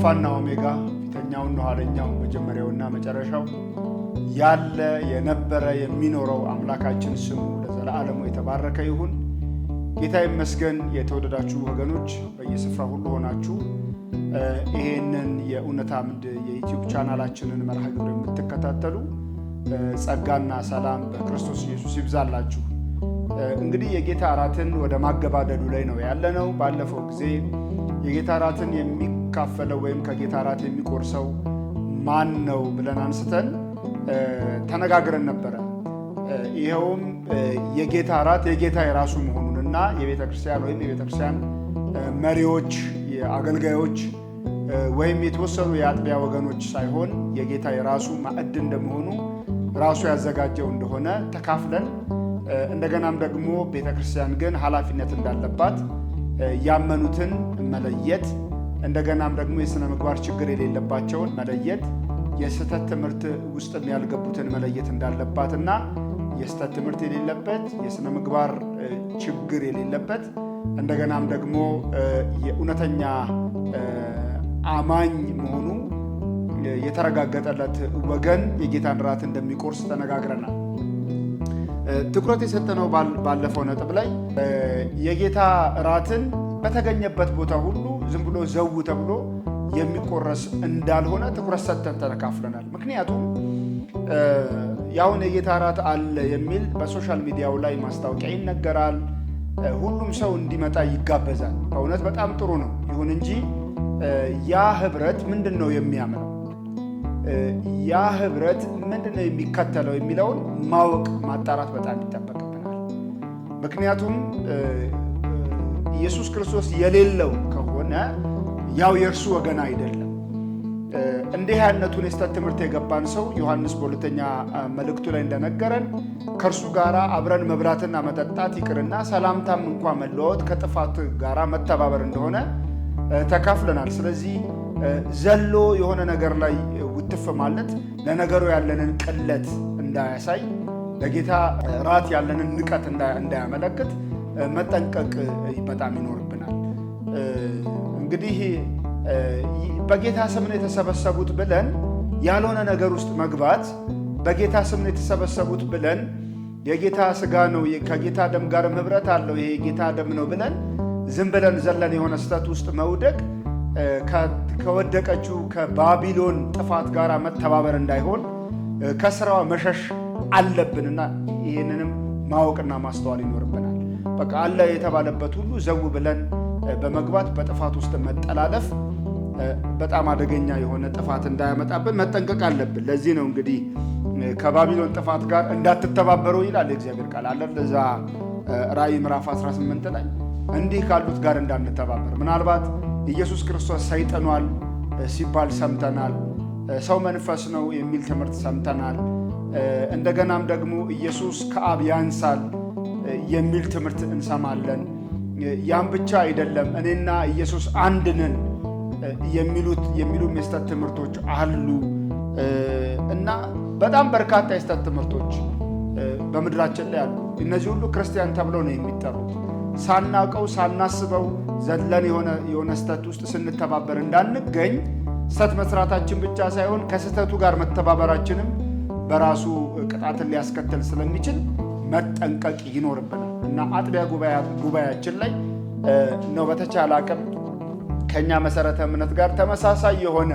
አልፋና ኦሜጋ ፊተኛውና ኋለኛው መጀመሪያውና መጨረሻው ያለ የነበረ የሚኖረው አምላካችን ስሙ ለዘላለሙ የተባረከ ይሁን። ጌታ ይመስገን። የተወደዳችሁ ወገኖች በየስፍራ ሁሉ ሆናችሁ ይሄንን የእውነት አምድ የዩትዩብ ቻናላችንን መርሃ ግብር የምትከታተሉ ጸጋና ሰላም በክርስቶስ ኢየሱስ ይብዛላችሁ። እንግዲህ የጌታ እራትን ወደ ማገባደዱ ላይ ነው ያለነው። ባለፈው ጊዜ የጌታ እራትን የሚ የሚካፈለው ወይም ከጌታ እራት የሚቆርሰው ማን ነው ብለን አንስተን ተነጋግረን ነበረ። ይኸውም የጌታ እራት የጌታ የራሱ መሆኑን እና የቤተ ክርስቲያን ወይም የቤተ ክርስቲያን መሪዎች፣ አገልጋዮች ወይም የተወሰኑ የአጥቢያ ወገኖች ሳይሆን የጌታ የራሱ ማዕድ እንደመሆኑ ራሱ ያዘጋጀው እንደሆነ ተካፍለን እንደገናም ደግሞ ቤተ ክርስቲያን ግን ኃላፊነት እንዳለባት ያመኑትን መለየት እንደገናም ደግሞ የሥነ ምግባር ችግር የሌለባቸውን መለየት የስህተት ትምህርት ውስጥም ያልገቡትን መለየት እንዳለባትና የስህተት ትምህርት የሌለበት የሥነ ምግባር ችግር የሌለበት እንደገናም ደግሞ የእውነተኛ አማኝ መሆኑ የተረጋገጠለት ወገን የጌታን ራት እንደሚቆርስ ተነጋግረናል። ትኩረት የሰጠነው ባለፈው ነጥብ ላይ የጌታ ራትን በተገኘበት ቦታ ሁሉ ዝም ብሎ ዘው ተብሎ የሚቆረስ እንዳልሆነ ትኩረት ሰጥተን ተካፍለናል። ምክንያቱም የአሁን የጌታ እራት አለ የሚል በሶሻል ሚዲያው ላይ ማስታወቂያ ይነገራል። ሁሉም ሰው እንዲመጣ ይጋበዛል። በእውነት በጣም ጥሩ ነው። ይሁን እንጂ ያ ህብረት ምንድን ነው የሚያምረው? ያ ህብረት ምንድን ነው የሚከተለው የሚለውን ማወቅ ማጣራት በጣም ይጠበቅብናል። ምክንያቱም ኢየሱስ ክርስቶስ የሌለው ከሆነ ያው የእርሱ ወገን አይደለም። እንዲህ አይነቱን የስተት ትምህርት የገባን ሰው ዮሐንስ በሁለተኛ መልእክቱ ላይ እንደነገረን ከእርሱ ጋር አብረን መብላትና መጠጣት ይቅርና ሰላምታም እንኳ መለዋወጥ ከጥፋት ጋር መተባበር እንደሆነ ተካፍለናል። ስለዚህ ዘሎ የሆነ ነገር ላይ ውትፍ ማለት ለነገሩ ያለንን ቅለት እንዳያሳይ፣ ለጌታ ራት ያለንን ንቀት እንዳያመለክት መጠንቀቅ በጣም ይኖርብናል። እንግዲህ በጌታ ስም ነው የተሰበሰቡት ብለን ያልሆነ ነገር ውስጥ መግባት በጌታ ስም ነው የተሰበሰቡት ብለን የጌታ ስጋ ነው ከጌታ ደም ጋርም ህብረት አለው ይሄ የጌታ ደም ነው ብለን ዝም ብለን ዘለን የሆነ ስህተት ውስጥ መውደቅ ከወደቀችው ከባቢሎን ጥፋት ጋር መተባበር እንዳይሆን ከስራዋ መሸሽ አለብንና ይህንንም ማወቅና ማስተዋል ይኖርብናል። በቃ አለ የተባለበት ሁሉ ዘው ብለን በመግባት በጥፋት ውስጥ መጠላለፍ በጣም አደገኛ የሆነ ጥፋት እንዳያመጣብን መጠንቀቅ አለብን። ለዚህ ነው እንግዲህ ከባቢሎን ጥፋት ጋር እንዳትተባበሩ ይላል የእግዚአብሔር ቃል አለ ለዛ ራእይ ምዕራፍ 18 ላይ እንዲህ ካሉት ጋር እንዳንተባበር። ምናልባት ኢየሱስ ክርስቶስ ሰይጥኗል ሲባል ሰምተናል። ሰው መንፈስ ነው የሚል ትምህርት ሰምተናል። እንደገናም ደግሞ ኢየሱስ ከአብ ያንሳል የሚል ትምህርት እንሰማለን። ያም ብቻ አይደለም እኔና ኢየሱስ አንድ ነን የሚሉት የሚሉ የስተት ትምህርቶች አሉ እና በጣም በርካታ የስተት ትምህርቶች በምድራችን ላይ አሉ። እነዚህ ሁሉ ክርስቲያን ተብለው ነው የሚጠሩት። ሳናውቀው ሳናስበው ዘለን የሆነ ስተት ውስጥ ስንተባበር እንዳንገኝ ስተት መስራታችን ብቻ ሳይሆን ከስተቱ ጋር መተባበራችንም በራሱ ቅጣትን ሊያስከትል ስለሚችል መጠንቀቅ ይኖርብናል። እና አጥቢያ ጉባኤያችን ላይ ነው በተቻለ አቅም ከእኛ መሰረተ እምነት ጋር ተመሳሳይ የሆነ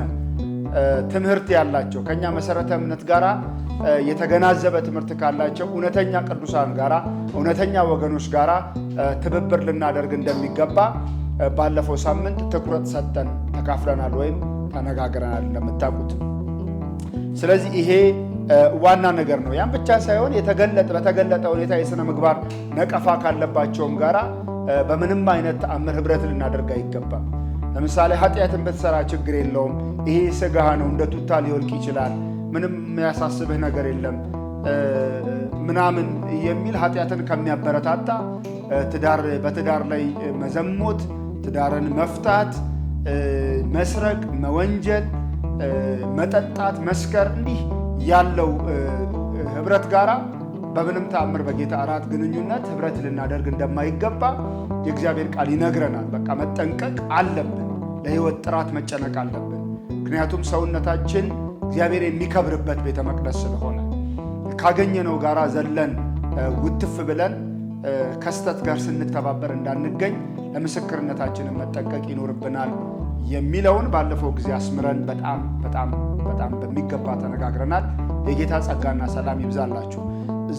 ትምህርት ያላቸው ከእኛ መሰረተ እምነት ጋር የተገናዘበ ትምህርት ካላቸው እውነተኛ ቅዱሳን ጋራ እውነተኛ ወገኖች ጋራ ትብብር ልናደርግ እንደሚገባ ባለፈው ሳምንት ትኩረት ሰጠን ተካፍለናል፣ ወይም ተነጋግረናል እንደምታውቁት። ስለዚህ ይሄ ዋና ነገር ነው። ያም ብቻ ሳይሆን የተገለጠ በተገለጠ ሁኔታ የሥነ ምግባር ነቀፋ ካለባቸውም ጋራ በምንም አይነት ተአምር ህብረት ልናደርግ አይገባም። ለምሳሌ ኃጢአትን ብትሰራ ችግር የለውም፣ ይሄ ስጋህ ነው፣ እንደ ቱታ ሊወልቅ ይችላል፣ ምንም የሚያሳስብህ ነገር የለም ምናምን የሚል ኃጢአትን ከሚያበረታታ በትዳር ላይ መዘሞት፣ ትዳርን መፍታት፣ መስረቅ፣ መወንጀል፣ መጠጣት፣ መስከር እንዲህ ያለው ህብረት ጋራ በምንም ተአምር በጌታ እራት ግንኙነት ህብረት ልናደርግ እንደማይገባ የእግዚአብሔር ቃል ይነግረናል። በቃ መጠንቀቅ አለብን። ለህይወት ጥራት መጨነቅ አለብን። ምክንያቱም ሰውነታችን እግዚአብሔር የሚከብርበት ቤተ መቅደስ ስለሆነ ካገኘነው ጋራ ዘለን ውትፍ ብለን ከስተት ጋር ስንተባበር እንዳንገኝ ለምስክርነታችንን መጠንቀቅ ይኖርብናል የሚለውን ባለፈው ጊዜ አስምረን በጣም በጣም በጣም በሚገባ ተነጋግረናል። የጌታ ጸጋና ሰላም ይብዛላችሁ።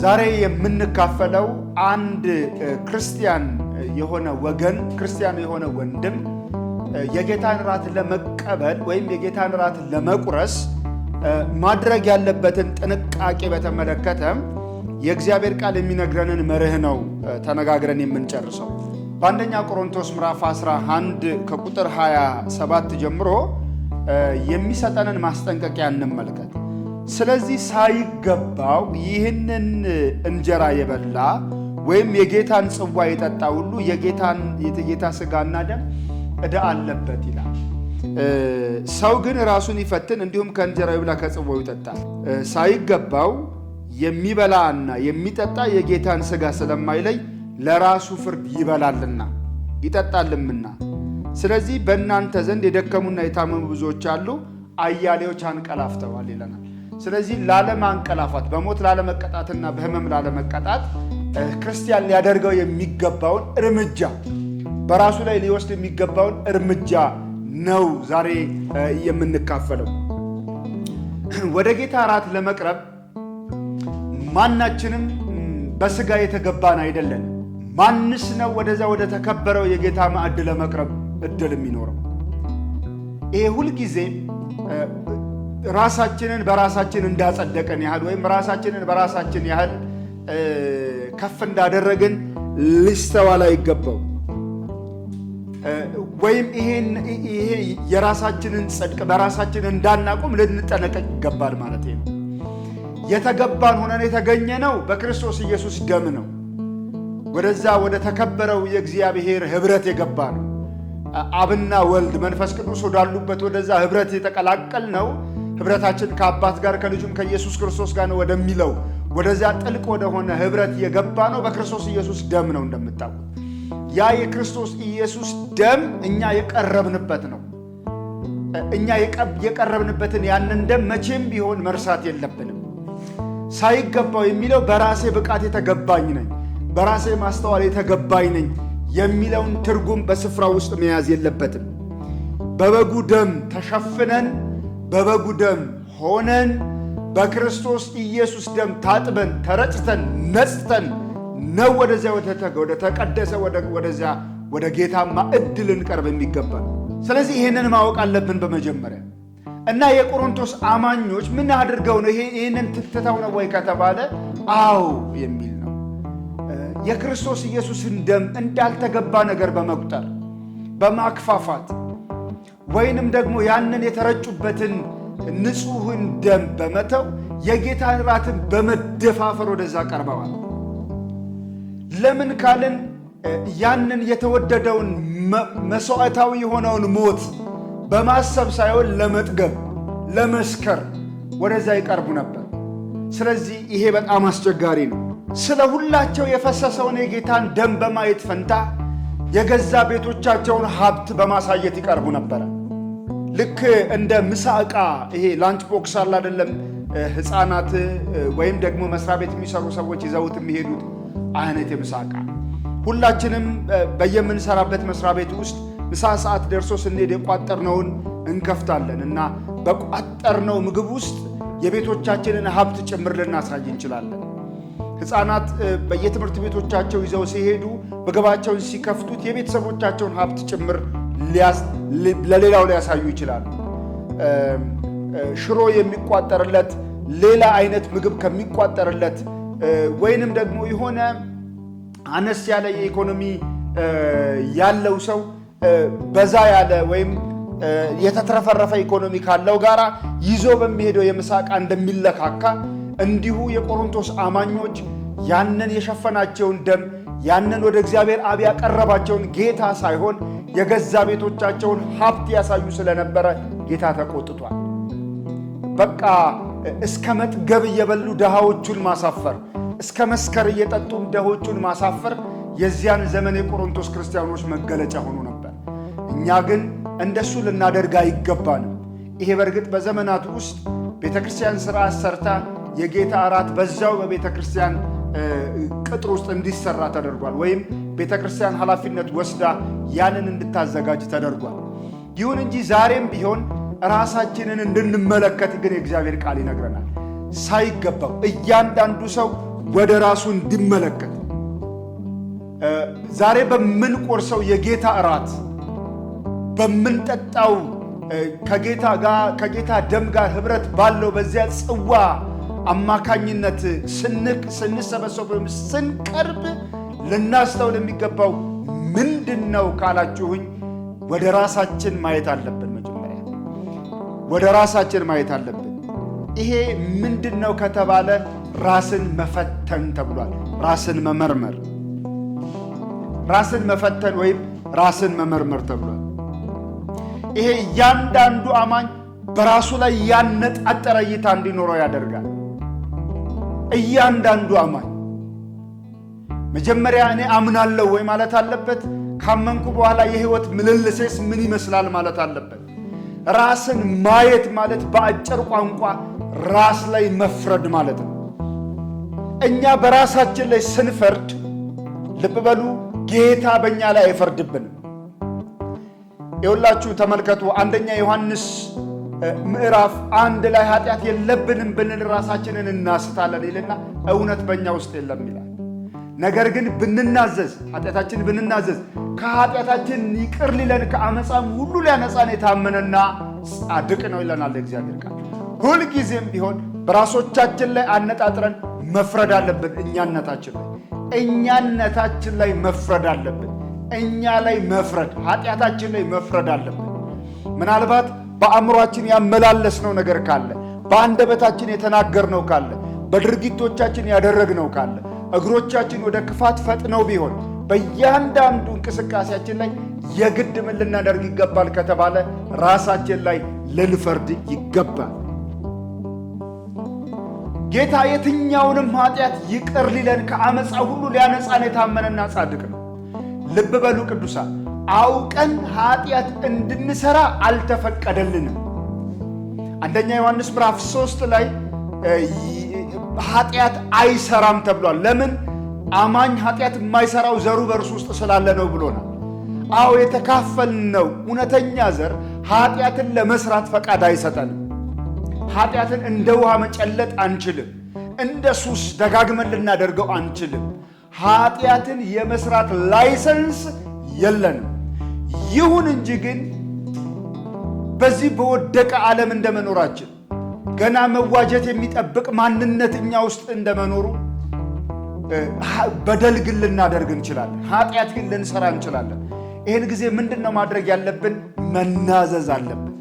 ዛሬ የምንካፈለው አንድ ክርስቲያን የሆነ ወገን ክርስቲያን የሆነ ወንድም የጌታን ራት ለመቀበል ወይም የጌታን ራት ለመቁረስ ማድረግ ያለበትን ጥንቃቄ በተመለከተ የእግዚአብሔር ቃል የሚነግረንን መርህ ነው ተነጋግረን የምንጨርሰው። በአንደኛ ቆሮንቶስ ምዕራፍ 11 ከቁጥር 27 ጀምሮ የሚሰጠንን ማስጠንቀቂያ እንመልከት። ስለዚህ ሳይገባው ይህንን እንጀራ የበላ ወይም የጌታን ጽዋ የጠጣ ሁሉ የጌታ ስጋና ደም እዳ አለበት ይላል። ሰው ግን ራሱን ይፈትን፣ እንዲሁም ከእንጀራው ይብላ ከጽዋው ይጠጣ። ሳይገባው የሚበላና የሚጠጣ የጌታን ስጋ ስለማይለይ ለራሱ ፍርድ ይበላልና ይጠጣልምና። ስለዚህ በእናንተ ዘንድ የደከሙና የታመሙ ብዙዎች አሉ፣ አያሌዎች አንቀላፍተዋል ይለናል። ስለዚህ ላለማንቀላፋት በሞት ላለመቀጣትና በህመም ላለመቀጣት ክርስቲያን ሊያደርገው የሚገባውን እርምጃ በራሱ ላይ ሊወስድ የሚገባውን እርምጃ ነው ዛሬ የምንካፈለው። ወደ ጌታ እራት ለመቅረብ ማናችንም በስጋ የተገባን አይደለን። ማንስ ነው ወደዛ ወደ ተከበረው የጌታ ማዕድ ለመቅረብ እድል የሚኖረው? ይሄ ሁልጊዜ ራሳችንን በራሳችን እንዳጸደቀን ያህል ወይም ራሳችንን በራሳችን ያህል ከፍ እንዳደረግን ሊስተዋል አይገባው። ወይም ይሄን ይሄ የራሳችንን ጽድቅ በራሳችን እንዳናቆም ልንጠነቀቅ ይገባል ማለት ነው። የተገባን ሆነን የተገኘ ነው በክርስቶስ ኢየሱስ ደም ነው። ወደዛ ወደ ተከበረው የእግዚአብሔር ህብረት የገባ ነው። አብና ወልድ መንፈስ ቅዱስ ወዳሉበት ወደዛ ህብረት የተቀላቀል ነው። ህብረታችን ከአባት ጋር ከልጁም ከኢየሱስ ክርስቶስ ጋር ነው ወደሚለው ወደዚያ ጥልቅ ወደሆነ ህብረት የገባ ነው በክርስቶስ ኢየሱስ ደም ነው። እንደምታውቁት ያ የክርስቶስ ኢየሱስ ደም እኛ የቀረብንበት ነው። እኛ የቀረብንበትን ያንን ደም መቼም ቢሆን መርሳት የለብንም። ሳይገባው የሚለው በራሴ ብቃት የተገባኝ ነኝ፣ በራሴ ማስተዋል የተገባኝ ነኝ የሚለውን ትርጉም በስፍራ ውስጥ መያዝ የለበትም። በበጉ ደም ተሸፍነን በበጉ ደም ሆነን በክርስቶስ ኢየሱስ ደም ታጥበን ተረጭተን ነጽተን ነው ወደዚያ ወደ ተቀደሰ ወደዚያ ወደ ጌታማ እድል ልንቀርብ የሚገባ ስለዚህ ይህንን ማወቅ አለብን በመጀመሪያ እና የቆሮንቶስ አማኞች ምን አድርገው ነው ይህንን ትተው ነው ወይ ከተባለ አዎ የሚል ነው። የክርስቶስ ኢየሱስን ደም እንዳልተገባ ነገር በመቁጠር በማክፋፋት ወይንም ደግሞ ያንን የተረጩበትን ንጹሕን ደም በመተው የጌታ እራትን በመደፋፈር ወደዛ ቀርበዋል። ለምን ካልን ያንን የተወደደውን መስዋዕታዊ የሆነውን ሞት በማሰብ ሳይሆን ለመጥገብ ለመስከር ወደዛ ይቀርቡ ነበር። ስለዚህ ይሄ በጣም አስቸጋሪ ነው። ስለ ሁላቸው የፈሰሰውን የጌታን ደም በማየት ፈንታ የገዛ ቤቶቻቸውን ሀብት በማሳየት ይቀርቡ ነበረ። ልክ እንደ ምሳ ዕቃ ይሄ ላንች ቦክስ አለ አይደለም? ህፃናት ወይም ደግሞ መስሪያ ቤት የሚሰሩ ሰዎች ይዘውት የሚሄዱት አይነት የምሳ ዕቃ። ሁላችንም በየምንሰራበት መስሪያ ቤት ውስጥ ምሳ ሰዓት ደርሶ ስንሄድ የቋጠርነውን እንከፍታለን እና በቋጠርነው ምግብ ውስጥ የቤቶቻችንን ሀብት ጭምር ልናሳይ እንችላለን። ህፃናት በየትምህርት ቤቶቻቸው ይዘው ሲሄዱ ምግባቸውን ሲከፍቱት የቤተሰቦቻቸውን ሀብት ጭምር ለሌላው ሊያሳዩ ይችላሉ። ሽሮ የሚቋጠርለት ሌላ አይነት ምግብ ከሚቋጠርለት ወይንም ደግሞ የሆነ አነስ ያለ የኢኮኖሚ ያለው ሰው በዛ ያለ ወይም የተትረፈረፈ ኢኮኖሚ ካለው ጋራ ይዞ በሚሄደው የምሳቃ እንደሚለካካ እንዲሁ የቆሮንቶስ አማኞች ያንን የሸፈናቸውን ደም ያንን ወደ እግዚአብሔር አብ ያቀረባቸውን ጌታ ሳይሆን የገዛ ቤቶቻቸውን ሀብት ያሳዩ ስለነበረ ጌታ ተቆጥቷል። በቃ እስከ መጥገብ እየበሉ ድሃዎቹን ማሳፈር፣ እስከ መስከር እየጠጡም ድሆቹን ማሳፈር የዚያን ዘመን የቆሮንቶስ ክርስቲያኖች መገለጫ ሆኖ ነበር። እኛ ግን እንደሱ ልናደርግ አይገባንም። ይሄ በእርግጥ በዘመናት ውስጥ ቤተ ክርስቲያን ሥርዓት ሰርታ የጌታ እራት በዛው በቤተ ክርስቲያን ቅጥር ውስጥ እንዲሰራ ተደርጓል። ወይም ቤተ ክርስቲያን ኃላፊነት ወስዳ ያንን እንድታዘጋጅ ተደርጓል። ይሁን እንጂ ዛሬም ቢሆን ራሳችንን እንድንመለከት ግን የእግዚአብሔር ቃል ይነግረናል። ሳይገባው እያንዳንዱ ሰው ወደ ራሱ እንዲመለከት ዛሬ በምንቆርሰው የጌታ እራት በምንጠጣው ከጌታ ጋር ከጌታ ደም ጋር ህብረት ባለው በዚያ ጽዋ አማካኝነት ስንሰበሰብ ወይም ስንቀርብ ልናስተውል የሚገባው ምንድን ነው ካላችሁኝ፣ ወደ ራሳችን ማየት አለብን። መጀመሪያ ወደ ራሳችን ማየት አለብን። ይሄ ምንድን ነው ከተባለ ራስን መፈተን ተብሏል። ራስን መመርመር፣ ራስን መፈተን ወይም ራስን መመርመር ተብሏል። ይሄ እያንዳንዱ አማኝ በራሱ ላይ ያነጣጠረ እይታ እንዲኖረው ያደርጋል። እያንዳንዱ አማኝ መጀመሪያ እኔ አምናለሁ ወይ ማለት አለበት። ካመንኩ በኋላ የህይወት ምልልሴስ ምን ይመስላል ማለት አለበት። ራስን ማየት ማለት በአጭር ቋንቋ ራስ ላይ መፍረድ ማለት ነው። እኛ በራሳችን ላይ ስንፈርድ፣ ልብ በሉ፣ ጌታ በእኛ ላይ አይፈርድብንም። የሁላችሁ ተመልከቱ አንደኛ ዮሐንስ ምዕራፍ አንድ ላይ ኃጢአት የለብንም ብንል ራሳችንን እናስታለን ይልና እውነት በእኛ ውስጥ የለም ይላል። ነገር ግን ብንናዘዝ ኃጢአታችን ብንናዘዝ ከኃጢአታችን ይቅር ሊለን ከአመፃም ሁሉ ሊያነፃን የታመነና ጻድቅ ነው ይለናል እግዚአብሔር ቃል። ሁልጊዜም ቢሆን በራሶቻችን ላይ አነጣጥረን መፍረድ አለብን። እኛነታችን ላይ እኛነታችን ላይ መፍረድ አለብን። እኛ ላይ መፍረድ ኃጢአታችን ላይ መፍረድ አለብን ምናልባት በአእምሯችን ያመላለስነው ነገር ካለ፣ በአንደበታችን የተናገርነው ካለ፣ በድርጊቶቻችን ያደረግነው ካለ፣ እግሮቻችን ወደ ክፋት ፈጥነው ቢሆን በእያንዳንዱ እንቅስቃሴያችን ላይ የግድ ምን ልናደርግ ይገባል ከተባለ ራሳችን ላይ ልንፈርድ ይገባል። ጌታ የትኛውንም ኃጢአት ይቅር ሊለን ከአመፃ ሁሉ ሊያነፃን የታመነና ጻድቅ ነው። ልብ በሉ ቅዱሳን አውቀን ኃጢአት እንድንሰራ አልተፈቀደልንም። አንደኛ ዮሐንስ ምዕራፍ ሶስት ላይ ኃጢአት አይሰራም ተብሏል። ለምን? አማኝ ኃጢአት የማይሰራው ዘሩ በእርሱ ውስጥ ስላለ ነው ብሎናል። አዎ የተካፈልነው እውነተኛ ዘር ኃጢአትን ለመስራት ፈቃድ አይሰጠንም። ኃጢአትን እንደ ውሃ መጨለጥ አንችልም። እንደ ሱስ ደጋግመን ልናደርገው አንችልም። ኃጢአትን የመስራት ላይሰንስ የለንም። ይሁን እንጂ ግን በዚህ በወደቀ ዓለም እንደመኖራችን ገና መዋጀት የሚጠብቅ ማንነት እኛ ውስጥ እንደመኖሩ በደል ግን ልናደርግ እንችላለን። ኃጢአት ግን ልንሰራ እንችላለን። ይህን ጊዜ ምንድን ነው ማድረግ ያለብን? መናዘዝ አለብን።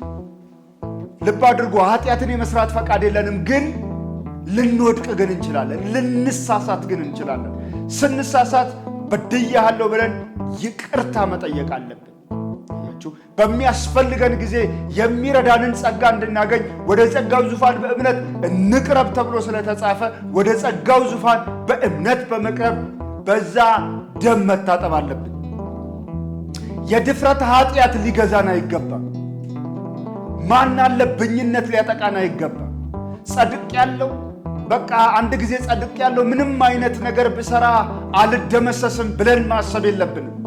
ልብ አድርጎ ኃጢአትን የመስራት ፈቃድ የለንም፣ ግን ልንወድቅ ግን እንችላለን። ልንሳሳት ግን እንችላለን። ስንሳሳት በድያሃለሁ ብለን ይቅርታ መጠየቅ አለብን። ናችሁ። በሚያስፈልገን ጊዜ የሚረዳንን ጸጋ እንድናገኝ ወደ ጸጋው ዙፋን በእምነት እንቅረብ ተብሎ ስለተጻፈ ወደ ጸጋው ዙፋን በእምነት በመቅረብ በዛ ደም መታጠብ አለብን። የድፍረት ኃጢአት ሊገዛን አይገባም። ማን አለብኝነት ሊያጠቃን አይገባም። ጸድቅ ያለው በቃ አንድ ጊዜ ጸድቅ ያለው ምንም አይነት ነገር ብሰራ አልደመሰስም ብለን ማሰብ የለብንም።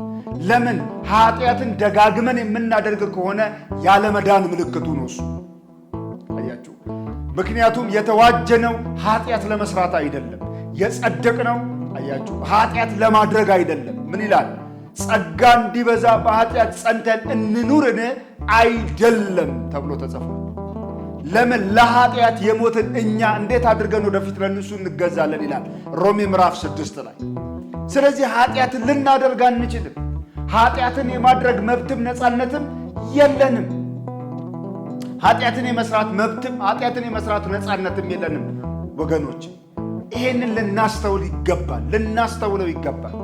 ለምን ኃጢአትን ደጋግመን የምናደርግ ከሆነ ያለመዳን ምልክቱ ነው እሱ። አያችሁ። ምክንያቱም የተዋጀነው ኃጢአት ለመስራት አይደለም። የጸደቅነው አያችሁ፣ ኃጢአት ለማድረግ አይደለም። ምን ይላል? ጸጋ እንዲበዛ በኃጢአት ጸንተን እንኑርን አይደለም ተብሎ ተጽፏል። ለምን ለኃጢአት የሞትን እኛ እንዴት አድርገን ወደፊት ለእነሱ እንገዛለን? ይላል ሮሜ ምዕራፍ ስድስት ላይ። ስለዚህ ኃጢአትን ልናደርግ አንችልም። ኃጢአትን የማድረግ መብትም ነፃነትም የለንም። ኃጢአትን የመስራት መብትም ኃጢአትን የመስራት ነፃነትም የለንም። ወገኖች ይሄንን ልናስተውል ይገባል፣ ልናስተውለው ይገባል።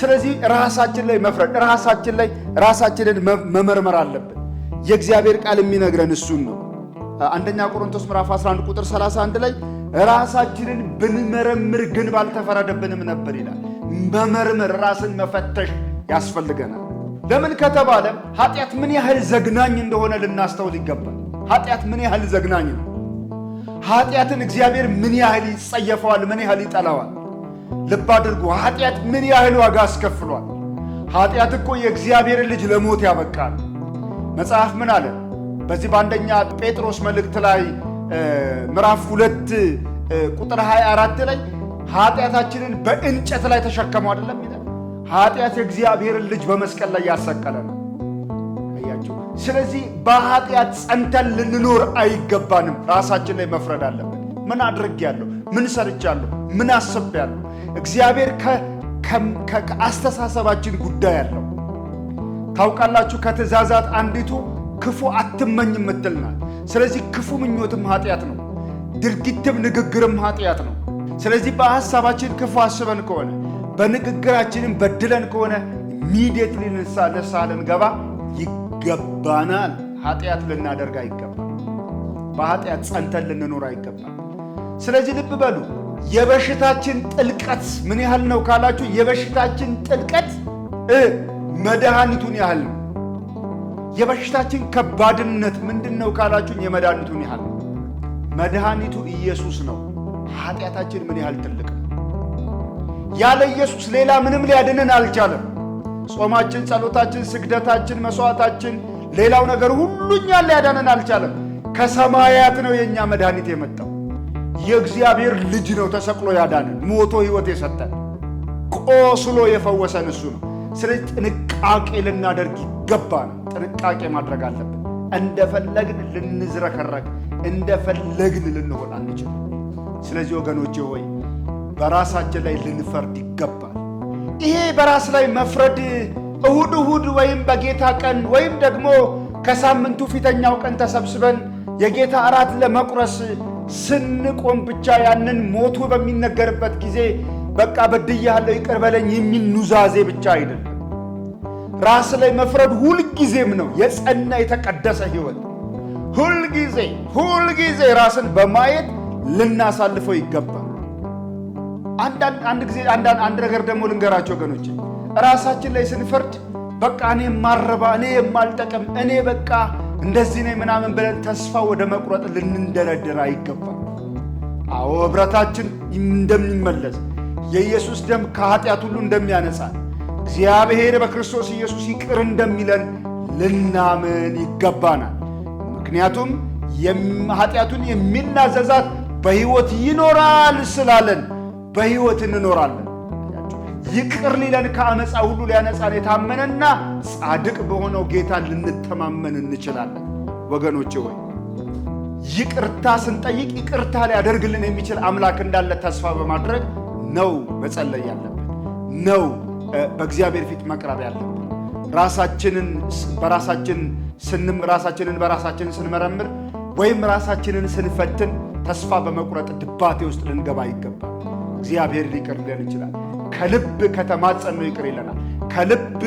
ስለዚህ ራሳችን ላይ መፍረድ ራሳችን ላይ ራሳችንን መመርመር አለብን። የእግዚአብሔር ቃል የሚነግረን እሱን ነው። አንደኛ ቆሮንቶስ ምዕራፍ 11 ቁጥር 31 ላይ ራሳችንን ብንመረምር ግን ባልተፈረደብንም ነበር ይላል። መመርመር፣ ራስን መፈተሽ ያስፈልገናል። ለምን ከተባለ ኃጢአት ምን ያህል ዘግናኝ እንደሆነ ልናስተውል ይገባል። ኃጢአት ምን ያህል ዘግናኝ ነው። ኃጢአትን እግዚአብሔር ምን ያህል ይጸየፈዋል፣ ምን ያህል ይጠላዋል። ልብ አድርጉ። ኃጢአት ምን ያህል ዋጋ አስከፍሏል። ኃጢአት እኮ የእግዚአብሔር ልጅ ለሞት ያበቃል። መጽሐፍ ምን አለ? በዚህ በአንደኛ ጴጥሮስ መልእክት ላይ ምዕራፍ ሁለት ቁጥር 24 ላይ ኃጢአታችንን በእንጨት ላይ ተሸከመው አይደለም ኃጢአት የእግዚአብሔርን ልጅ በመስቀል ላይ ያሰቀለ ነው። አያችሁ። ስለዚህ በኃጢአት ጸንተን ልንኖር አይገባንም። ራሳችን ላይ መፍረድ አለብን። ምን አድርጌያለሁ? ምን ሰርቻለሁ? ምን አስቤያለሁ? እግዚአብሔር ከአስተሳሰባችን ጉዳይ አለው። ታውቃላችሁ፣ ከትእዛዛት አንዲቱ ክፉ አትመኝ የምትል ናት። ስለዚህ ክፉ ምኞትም ኃጢአት ነው። ድርጊትም ንግግርም ኃጢአት ነው። ስለዚህ በሀሳባችን ክፉ አስበን ከሆነ በንግግራችንም በድለን ከሆነ ሚዲየትሊ ንስሐ ልንገባ ይገባናል። ኃጢአት ልናደርግ አይገባል። በኃጢአት ጸንተን ልንኖር አይገባል። ስለዚህ ልብ በሉ የበሽታችን ጥልቀት ምን ያህል ነው ካላችሁ፣ የበሽታችን ጥልቀት መድኃኒቱን ያህል ነው። የበሽታችን ከባድነት ምንድን ነው ካላችሁ፣ የመድኃኒቱን ያህል ነው። መድኃኒቱ ኢየሱስ ነው። ኃጢአታችን ምን ያህል ትልቅ ያለ ኢየሱስ ሌላ ምንም ሊያድንን አልቻለም። ጾማችን፣ ጸሎታችን፣ ስግደታችን፣ መስዋዕታችን፣ ሌላው ነገር ሁሉ እኛን ሊያዳንን አልቻለም። ከሰማያት ነው የእኛ መድኃኒት የመጣው። የእግዚአብሔር ልጅ ነው ተሰቅሎ ያዳንን፣ ሞቶ ሕይወት የሰጠን፣ ቆስሎ የፈወሰን እሱ ነው። ስለዚህ ጥንቃቄ ልናደርግ ይገባናል። ጥንቃቄ ማድረግ አለብን። እንደፈለግን ልንዝረከረግ፣ እንደፈለግን ልንሆን አንችልም። ስለዚህ ወገኖቼ ሆይ በራሳችን ላይ ልንፈርድ ይገባል። ይሄ በራስ ላይ መፍረድ እሁድ እሁድ ወይም በጌታ ቀን ወይም ደግሞ ከሳምንቱ ፊተኛው ቀን ተሰብስበን የጌታ እራት ለመቁረስ ስንቆም ብቻ ያንን ሞቱ በሚነገርበት ጊዜ በቃ በድያለሁ ይቅር በለኝ የሚል ኑዛዜ ብቻ አይደለም። ራስ ላይ መፍረድ ሁልጊዜም ነው የጸና የተቀደሰ ሕይወት። ሁልጊዜ ሁልጊዜ ራስን በማየት ልናሳልፈው ይገባል። አንድ ጊዜ አንድ ነገር ደግሞ ልንገራቸው ወገኖች፣ ራሳችን ላይ ስንፈርድ በቃ እኔ የማረባ እኔ የማልጠቅም እኔ በቃ እንደዚህ ነኝ ምናምን ብለን ተስፋ ወደ መቁረጥ ልንደረደር አይገባም። አዎ ኅብረታችን እንደሚመለስ የኢየሱስ ደም ከኃጢአት ሁሉ እንደሚያነጻ እግዚአብሔር በክርስቶስ ኢየሱስ ይቅር እንደሚለን ልናምን ይገባናል። ምክንያቱም ኃጢአቱን የሚናዘዛት በሕይወት ይኖራል ስላለን በሕይወት እንኖራለን። ይቅር ሊለን ከአመፃ ሁሉ ሊያነፃን የታመነና ጻድቅ በሆነው ጌታ ልንተማመን እንችላለን። ወገኖች ወይ ይቅርታ ስንጠይቅ ይቅርታ ሊያደርግልን የሚችል አምላክ እንዳለ ተስፋ በማድረግ ነው መጸለይ ያለብን፣ ነው በእግዚአብሔር ፊት መቅረብ ያለብን። ራሳችንን በራሳችን ስንም ራሳችንን በራሳችን ስንመረምር ወይም ራሳችንን ስንፈትን ተስፋ በመቁረጥ ድባቴ ውስጥ ልንገባ ይገባል። እግዚአብሔር ይቅር ሊለን ይችላል። ከልብ ከተማጸን ነው ይቅር ይለናል። ከልብ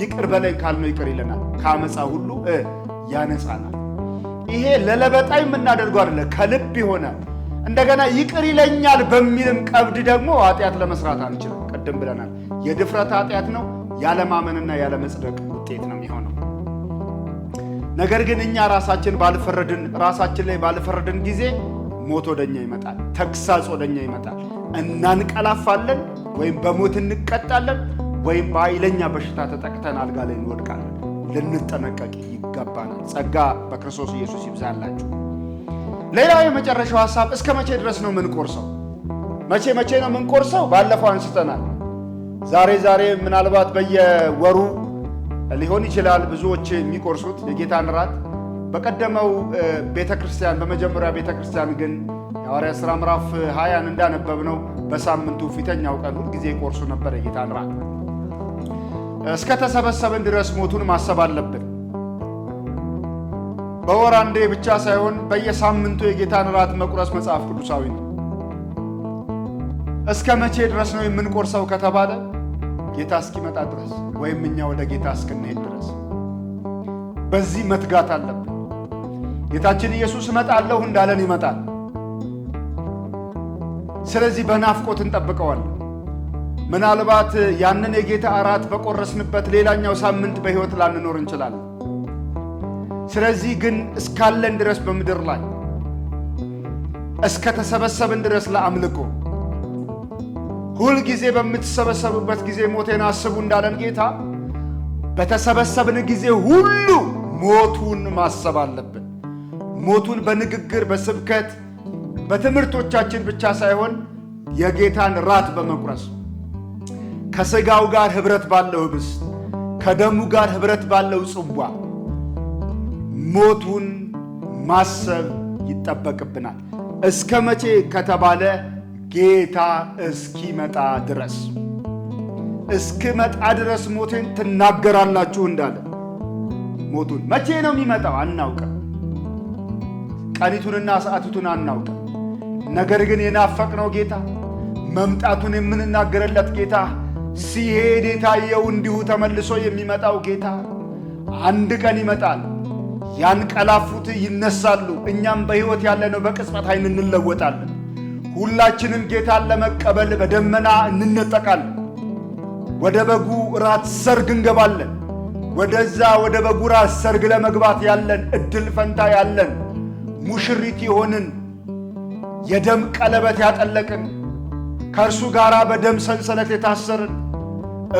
ይቅር በለን ካልነው ይቅር ይለናል። ከአመፃ ሁሉ ያነጻናል። ይሄ ለለበጣ የምናደርገው አይደለ፣ ከልብ የሆነ እንደገና ይቅር ይለኛል በሚልም ቀብድ ደግሞ ኃጢአት ለመስራት አንችልም። ቅድም ብለናል፣ የድፍረት ኃጢአት ነው። ያለማመንና ያለመጽደቅ ውጤት ነው የሚሆነው። ነገር ግን እኛ ራሳችን ባልፈረድን ራሳችን ላይ ባልፈረድን ጊዜ ሞት ወደኛ ይመጣል። ተግሳጽ ወደኛ ይመጣል። እናንቀላፋለን፣ ወይም በሞት እንቀጣለን፣ ወይም በኃይለኛ በሽታ ተጠቅተን አልጋ ላይ እንወድቃለን። ልንጠነቀቅ ይገባናል። ጸጋ በክርስቶስ ኢየሱስ ይብዛላችሁ። ሌላው የመጨረሻው ሀሳብ እስከ መቼ ድረስ ነው የምንቆርሰው? መቼ መቼ ነው የምንቆርሰው? ባለፈው አንስተናል። ዛሬ ዛሬ ምናልባት በየወሩ ሊሆን ይችላል ብዙዎች የሚቆርሱት የጌታን ራት በቀደመው ቤተ ክርስቲያን በመጀመሪያ ቤተ ክርስቲያን ግን የሐዋርያት ሥራ ምዕራፍ ሀያን እንዳነበብነው በሳምንቱ ፊተኛው ቀን ሁልጊዜ ቆርሱ ነበር የጌታን እስከ ተሰበሰብን ድረስ ሞቱን ማሰብ አለብን። በወር አንዴ ብቻ ሳይሆን በየሳምንቱ የጌታን እራት መቁረስ መጽሐፍ ቅዱሳዊ ነው። እስከ መቼ ድረስ ነው የምንቆርሰው ከተባለ ጌታ እስኪመጣ ድረስ ወይም እኛ ወደ ጌታ እስክንሄድ ድረስ በዚህ መትጋት አለብን። ጌታችን ኢየሱስ እመጣለሁ እንዳለን ይመጣል። ስለዚህ በናፍቆት እንጠብቀዋል። ምናልባት ያንን የጌታ እራት በቆረስንበት ሌላኛው ሳምንት በሕይወት ላንኖር እንችላለን። ስለዚህ ግን እስካለን ድረስ በምድር ላይ እስከ ተሰበሰብን ድረስ ለአምልኮ ሁል ጊዜ በምትሰበሰቡበት ጊዜ ሞቴን አስቡ እንዳለን ጌታ በተሰበሰብን ጊዜ ሁሉ ሞቱን ማሰብ አለብን። ሞቱን በንግግር በስብከት በትምህርቶቻችን ብቻ ሳይሆን የጌታን ራት በመቁረስ ከሥጋው ጋር ኅብረት ባለው ኅብስት ከደሙ ጋር ኅብረት ባለው ጽዋ ሞቱን ማሰብ ይጠበቅብናል። እስከ መቼ ከተባለ ጌታ እስኪመጣ ድረስ መጣ ድረስ ሞቴን ትናገራላችሁ እንዳለ ሞቱን መቼ ነው የሚመጣው አናውቅም። ቀኒቱንና ሰዓቲቱን አናውቅ። ነገር ግን የናፈቅነው ጌታ መምጣቱን የምንናገርለት ጌታ ሲሄድ የታየው እንዲሁ ተመልሶ የሚመጣው ጌታ አንድ ቀን ይመጣል። ያንቀላፉት ይነሳሉ። እኛም በሕይወት ያለነው በቅጽበት ዓይን እንለወጣለን። ሁላችንም ጌታን ለመቀበል በደመና እንነጠቃለን። ወደ በጉ ራት ሰርግ እንገባለን። ወደዛ ወደ በጉ ራት ሰርግ ለመግባት ያለን እድል ፈንታ ያለን ሙሽሪት የሆንን የደም ቀለበት ያጠለቅን ከእርሱ ጋር በደም ሰንሰለት የታሰርን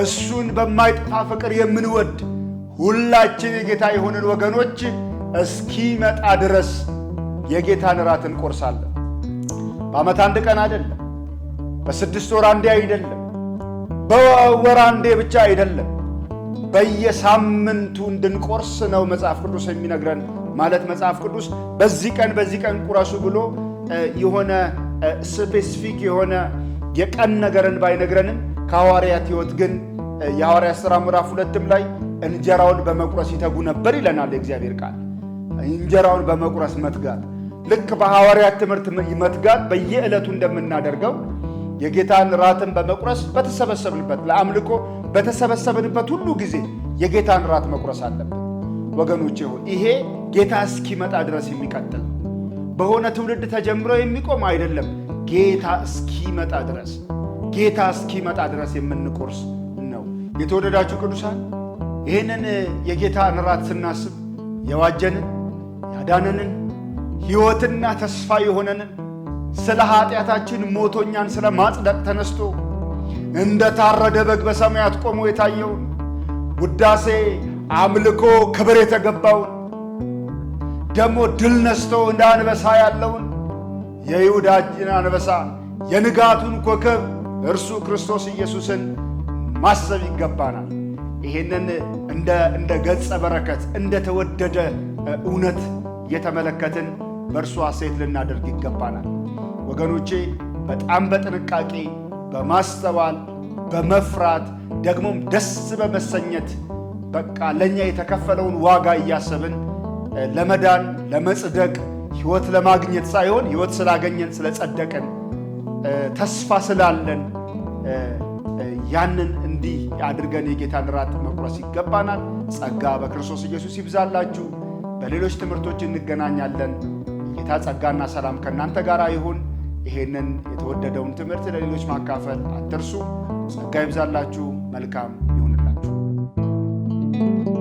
እሱን በማይጠፋ ፍቅር የምንወድ ሁላችን የጌታ የሆንን ወገኖች እስኪመጣ ድረስ የጌታን እራት እንቆርሳለን። በዓመት አንድ ቀን አይደለም፣ በስድስት ወር አንዴ አይደለም፣ በወር አንዴ ብቻ አይደለም። በየሳምንቱ እንድንቆርስ ነው መጽሐፍ ቅዱስ የሚነግረን። ማለት መጽሐፍ ቅዱስ በዚህ ቀን በዚህ ቀን ቁረሱ ብሎ የሆነ ስፔሲፊክ የሆነ የቀን ነገርን ባይነግረንም ከሐዋርያት ሕይወት ግን የሐዋርያት ሥራ ምዕራፍ ሁለትም ላይ እንጀራውን በመቁረስ ይተጉ ነበር ይለናል የእግዚአብሔር ቃል። እንጀራውን በመቁረስ መትጋት ልክ በሐዋርያት ትምህርት መትጋት በየዕለቱ እንደምናደርገው የጌታን ራትን በመቁረስ በተሰበሰብንበት ለአምልኮ በተሰበሰብንበት ሁሉ ጊዜ የጌታን ራት መቁረስ አለበት። ወገኖቼ ሆይ ይሄ ጌታ እስኪመጣ ድረስ የሚቀጥል በሆነ ትውልድ ተጀምሮ የሚቆም አይደለም። ጌታ እስኪመጣ ድረስ ጌታ እስኪመጣ ድረስ የምንቆርስ ነው። የተወደዳችሁ ቅዱሳን ይህንን የጌታን እራት ስናስብ የዋጀንን ያዳነንን ሕይወትና ተስፋ የሆነንን ስለ ኃጢአታችን ሞቶኛን ስለ ማጽደቅ ተነስቶ እንደ ታረደ በግ በሰማያት ቆሞ የታየውን ውዳሴ አምልኮ ክብር የተገባውን ደግሞ ድል ነስቶ እንደ አንበሳ ያለውን የይሁዳችን አንበሳ የንጋቱን ኮከብ እርሱ ክርስቶስ ኢየሱስን ማሰብ ይገባናል። ይሄንን እንደ ገጸ በረከት እንደ ተወደደ እውነት የተመለከትን በእርሱ ሐሴት ልናደርግ ይገባናል። ወገኖቼ በጣም በጥንቃቄ በማስተዋል በመፍራት ደግሞም ደስ በመሰኘት በቃ ለእኛ የተከፈለውን ዋጋ እያሰብን ለመዳን ለመጽደቅ ሕይወት ለማግኘት ሳይሆን ሕይወት ስላገኘን ስለጸደቅን ተስፋ ስላለን ያንን እንዲህ አድርገን የጌታን ራት መቁረስ ይገባናል። ጸጋ በክርስቶስ ኢየሱስ ይብዛላችሁ። በሌሎች ትምህርቶች እንገናኛለን። የጌታ ጸጋና ሰላም ከእናንተ ጋር ይሁን። ይሄንን የተወደደውን ትምህርት ለሌሎች ማካፈል አትርሱ። ጸጋ ይብዛላችሁ። መልካም thank you